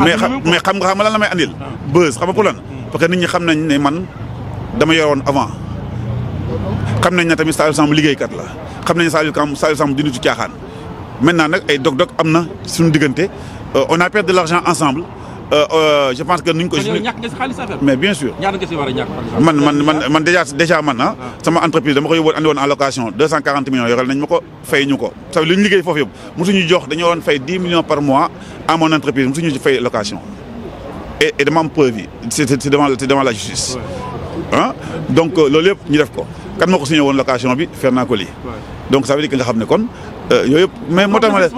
mais xam mais xam nga xam nga lan la may andil. Ah. buzz xam nga pour lan. Hmm. parce nit ñi xam nañ ne man dama yoroon avant xam nañ ne tamit Saliou Samb liggéeykat la xam nañ Saliou Samb Saliou Samb di nitu caaxaan maintenant nag ay dog-dog am na suñu diggante euh, on a perdu de l'argent ensemble. Euh, euh, je pense que nuñ ko. mais bien sûr. man man man man déjà déjà man ah, ah. sama entreprise dama ko yóbboon andi woon en location 240 millions yoral nañ ma ko fay ñu ko. sa li ñu liggéey foofu yëpp mosuñu jox dañoo woon fay 10 millions par mois à mon entreprise mosuñu fay location. et et dama am preuve yi c' devant c' est devant la justice. Hein? donc euh, loolu yëpp ñu def ko kan moo ko signé woon location bi Fernand donc ça veut dire que nga xam ne kon euh, yooyu mais moo tax ma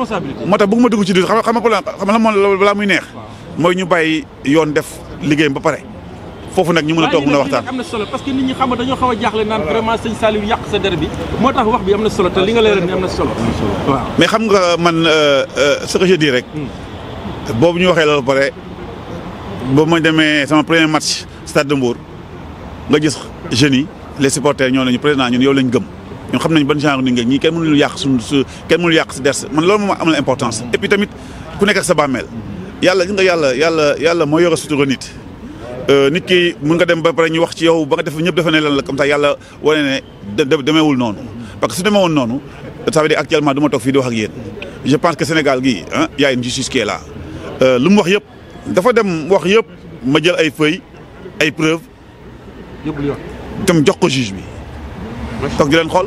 moo tax bëgguma dugg ci du xam nga xam nga balaa muy mooy ñu bàyyi yoon def liggéeyam ba pare foofu nag ñu mën a toog mën a waxtaan am na solo parce que nit ñi xam nga dañoo xaw a jaaxle naan vraiment sëñ sa der bi moo tax wax bi am na solo te li nga leeral ni am na solo mais xam nga man euh, euh, ce que je dis rek hmm. boobu ñu waxee la loolu pare ba ma demee sama premier match Stade de Mbour nga gis jeunes yi les supporters ñoo nañu président ñun yow lañ gëm ñun xam nañ ban genre ni nga ñii kenn mënul yàq su kenn mënul yàq si der man loolu moom am na importance et puis tamit ku nekk sa bàmmeel yàlla li nga yàlla yàlla yàlla moo yor a sutura nit euh, nit ki mën nga dem ba pare ñu wax ci yow ba nga def ñëpp defe ne lan la comme ça yàlla wane ne demeewul noonu parce que su demeewoon noonu ça veut dire actuellement du ma fii di wax ak yéen je pense que Sénégal gii yaay y a une justice qui est là euh, lu mu wax yëpp dafa dem wax yëpp ma jël ay feuilles ay preuves. yóbbu dem jox ko juge bi. toog di leen xool.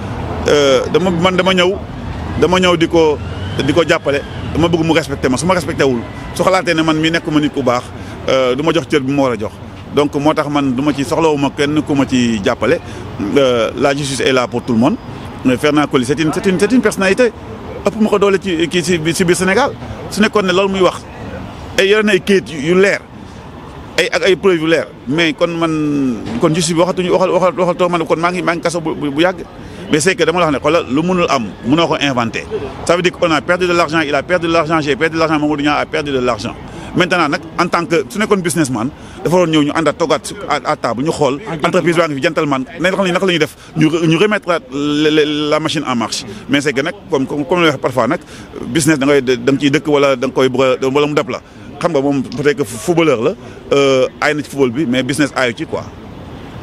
Euh, dama man dama ñëw dama ñëw di ko di ko jàppale dama bëgg mu respecté ma su ma respecté wul su xalaatee ne man mi nekk ma nit ku baax euh, du jox cër bi ma war a jox donc moo tax man duma ma ci soxlawu ma kenn ku ma ci jàppale euh, la justice est là pour tout le monde mais Fernand Coly c'est une c'est une c'est une personnalité ëpp ma ko doole ci kii si si biir Sénégal su nekkoon ne loolu muy wax ay yore na ay kayit yu leer ay ak ay preuve yu leer mais kon man kon justice bi waxatuñu waxal waxal waxal man maa ngi maa ngi bu yàgg. mais c'est que dama la wax le monde lu mënul am mënoo ko inventé ça veut dire qu'on a perdu de l'argent il a perdu de l'argent j'ai perdu de l'argent Mamadou a perdu de l'argent maintenant en tant que su nekkoon businessman dafa waroon ñëw ñu ànd à table ñu xool entreprise baa ngi fi gentleman nañ xam ne naka la def ñu remettre la machine en marche mais c'est que nag comme comme parfois nag business da ngay da nga ciy dëkk wala da nga koy wala mu la xam nga peut-être que footballeur la euh, aay na ci football bi mais business aayu ci quoi